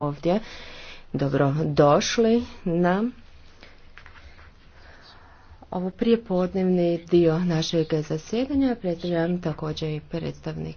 ovdje. Dobro došli na ovo prijepodnevni dio našeg zasjedanja. Predstavljam također i predstavnik